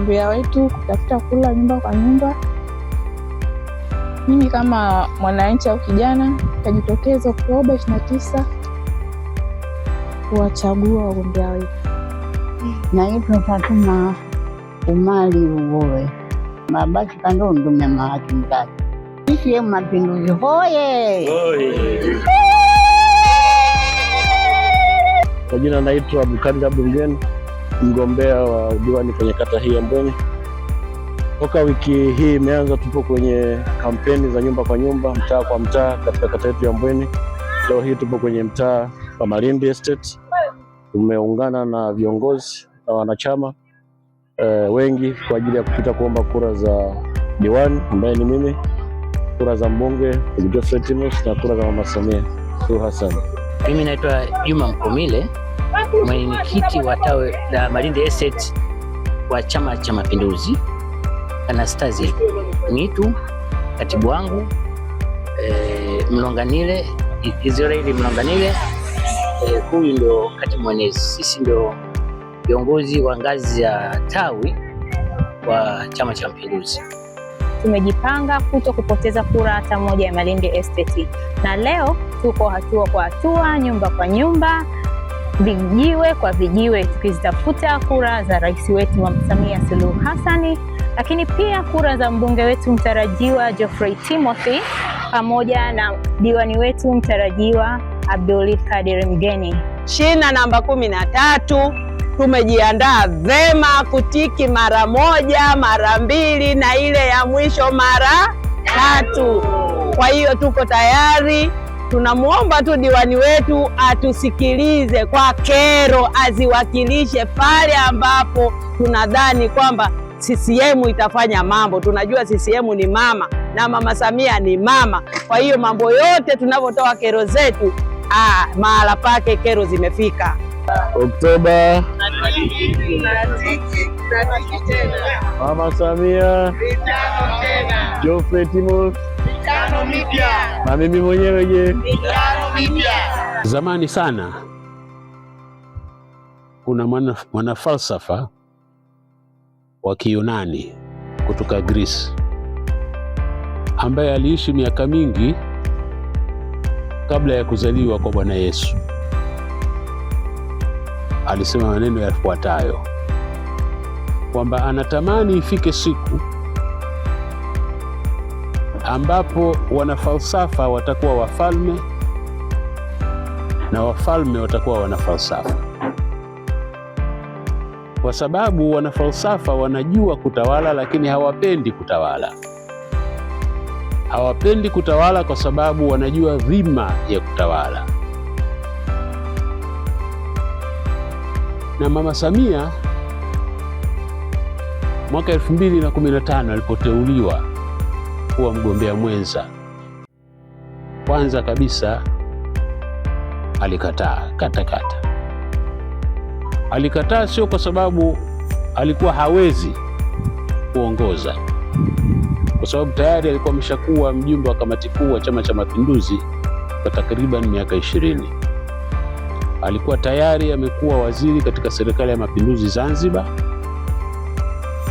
umbea wetu kutafuta kula nyumba kwa nyumba. Mimi kama mwananchi au kijana nitajitokeza Oktoba 29 kuwachagua wagombea wetu. Naitwa Fatuma Umali Uwoe, Mabasi Kando, ndume mahatimtatu CCM Mapinduzi hoye! Kwa jina naitwa Abdulkadir Abdulgeni mgombea wa diwani kwenye kata hii ya Mbweni. Toka wiki hii imeanza, tupo kwenye kampeni za nyumba kwa nyumba, mtaa kwa mtaa katika kata yetu ya Mbweni. Leo hii tupo kwenye mtaa wa Malindi Estate, tumeungana na viongozi na wanachama e, wengi kwa ajili ya kupita kuomba kura za diwani ambaye ni mimi, kura za mbunge Godfrey Timothy na kura za Mama Samia Suluhu Hassan. Mimi naitwa Juma Mkomile mwenyekiti wa tawi la Malindi Estate wa Chama cha Mapinduzi Anastasia Mwitu, katibu wangu e, Mlonganile Israeli Mlonganile e, huyu ndio katibu mwenezi. Sisi ndio viongozi wa ngazi ya tawi wa Chama cha Mapinduzi. Tumejipanga kuto kupoteza kura hata moja ya Malindi Estate, na leo tuko hatua kwa hatua, nyumba kwa nyumba vijiwe kwa vijiwe, tukizitafuta kura za rais wetu Mama Samia Suluhu Hassani, lakini pia kura za mbunge wetu mtarajiwa Geoffrey Timothy pamoja na diwani wetu mtarajiwa Abdul Kadir Mgeni. Shina namba kumi na tatu, tumejiandaa vema kutiki mara moja, mara mbili na ile ya mwisho mara tatu. Kwa hiyo tuko tayari tunamwomba tu diwani wetu atusikilize kwa kero, aziwakilishe pale ambapo tunadhani kwamba CCM itafanya mambo. Tunajua CCM ni mama na mama Samia ni mama, kwa hiyo mambo yote tunavyotoa kero zetu, ah, mahala pake kero zimefika. Oktoba mama Samia Geoffrey Timoth mipya. Na mimi mwenyewe je, mitano mipya. Zamani sana kuna mwanafalsafa mwana wa Kiyunani kutoka Greece ambaye aliishi miaka mingi kabla ya kuzaliwa kwa Bwana Yesu. Alisema maneno yafuatayo kwamba anatamani ifike siku ambapo wanafalsafa watakuwa wafalme na wafalme watakuwa wanafalsafa, kwa sababu wanafalsafa wanajua kutawala, lakini hawapendi kutawala. Hawapendi kutawala kwa sababu wanajua dhima ya kutawala. Na Mama Samia mwaka 2015 alipoteuliwa kuwa mgombea mwenza. Kwanza kabisa alikataa katakata. Alikataa sio kwa sababu alikuwa hawezi kuongoza, kwa sababu tayari alikuwa ameshakuwa mjumbe wa kamati kuu wa Chama cha Mapinduzi kwa takriban miaka ishirini. Alikuwa tayari amekuwa waziri katika serikali ya mapinduzi Zanzibar.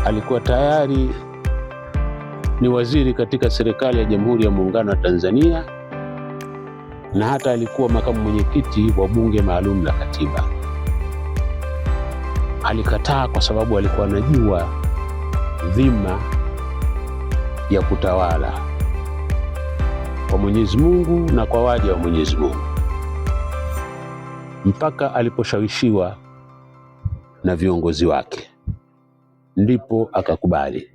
Alikuwa tayari ni waziri katika serikali ya Jamhuri ya Muungano wa Tanzania na hata alikuwa makamu mwenyekiti wa Bunge Maalum la Katiba. Alikataa kwa sababu alikuwa anajua dhima ya kutawala kwa Mwenyezi Mungu na kwa waja wa Mwenyezi Mungu, mpaka aliposhawishiwa na viongozi wake ndipo akakubali.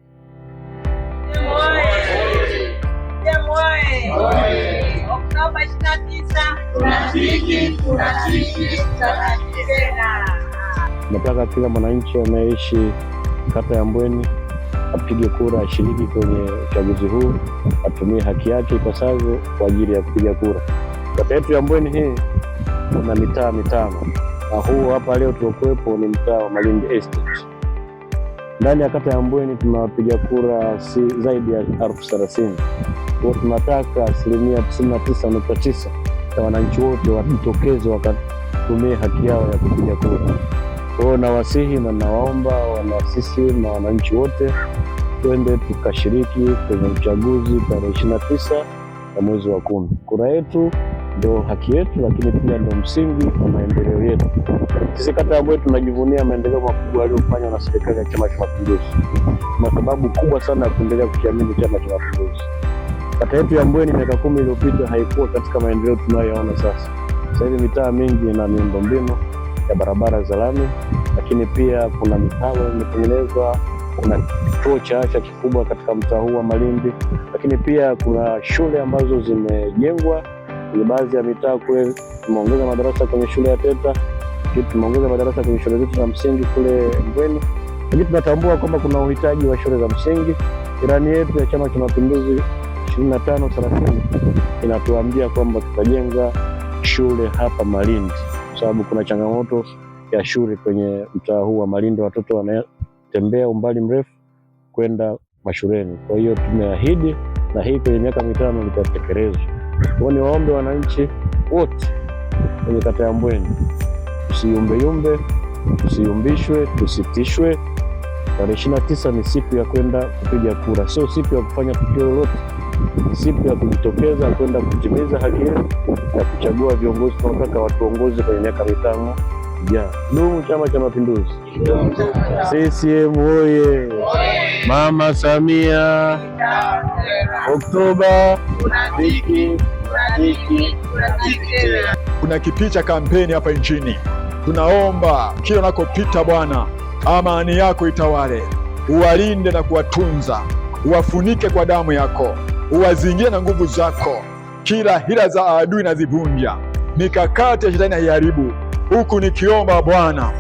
Oktoba 29 nataka kila mwananchi anayeishi kata ya Mbweni apige kura, ashiriki kwenye uchaguzi huu, atumie haki yake ipasavyo kwa ajili ya kupiga kura. Kata yetu ya Mbweni hii kuna mitaa mitano na huu hapa leo tuokuwepo ni mtaa wa Malindi Estate. Ndani ya kata ya Mbweni tunawapiga kura si zaidi ya elfu thelathini. Kwa tunataka asilimia tisini na tisa nukta tisa ya wananchi wote wajitokeze wakatumia haki yao ya kupiga kura. Kwa hiyo nawasihi na nawaomba wanasisi na wananchi wote twende tukashiriki kwenye uchaguzi tarehe ishirini na tisa ya mwezi wa kumi. Kura yetu ndio haki yetu, lakini pia ndio msingi wa maendeleo yetu. Sisi kata ya tunajivunia maendeleo makubwa yaliyofanywa na serikali ya Chama cha Mapinduzi. na sababu kubwa sana ya kuendelea kukiamini Chama cha Mapinduzi. Kata yetu ya Mbweni miaka kumi iliyopita haikuwa katika maendeleo tunayoona sasa. Sasa hivi mitaa mingi ina miundombinu ya barabara za lami, lakini pia kuna mitaro imetengenezwa, kuna kituo cha afya kikubwa katika mtaa huu wa malindi lakini pia kuna shule ambazo zimejengwa kwenye baadhi ya mitaa kule. Tumeongeza madarasa kwenye shule ya Teta, tumeongeza madarasa kwenye shule zetu za msingi kule Mbweni, lakini tunatambua kwamba kuna uhitaji wa shule za msingi. Irani yetu ya Chama cha Mapinduzi ishirini na tano thelathini inatuambia kwamba tutajenga shule hapa Malindi, kwa sababu kuna changamoto ya shule kwenye mtaa huu wa Malindi, watoto wanatembea umbali mrefu kwenda mashuleni. Kwa hiyo tumeahidi, na hii kwenye miaka mitano litatekelezwa. Kwa ni waombe wananchi wote kwenye kata ya Mbweni, tusiyumbeyumbe, tusiyumbishwe, tusitishwe. Tarehe ishirini na tisa ni siku ya kwenda kupiga kura, sio siku ya kufanya tukio lolote, siku ya kujitokeza kwenda kutimiza haki yetu ya kuchagua viongozi tunataka watuongoze kwenye miaka mitano ijayo. Dumu Chama cha Mapinduzi! CCM oye! Mama Samia! Oktoba hiki kuna kipicha kampeni hapa nchini, tunaomba kila unakopita bwana amani yako itawale, uwalinde na kuwatunza, uwafunike kwa damu yako, uwazingire na nguvu zako. Kila hila za adui na zivunja, mikakati ya shetani haiharibu. Huku nikiomba Bwana,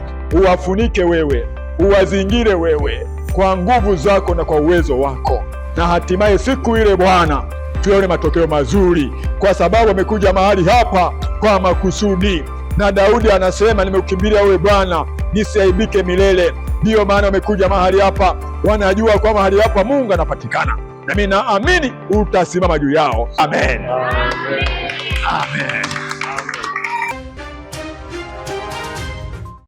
uwafunike wewe, uwazingire wewe kwa nguvu zako na kwa uwezo wako, na hatimaye siku ile Bwana tuyaone matokeo mazuri, kwa sababu amekuja mahali hapa kwa makusudi na Daudi anasema nimeukimbilia wewe Bwana, nisiaibike milele. Ndiyo maana wamekuja mahali hapa, wanajua kwa mahali hapa Mungu anapatikana, nami naamini utasimama juu yao. Amen, amen, amen.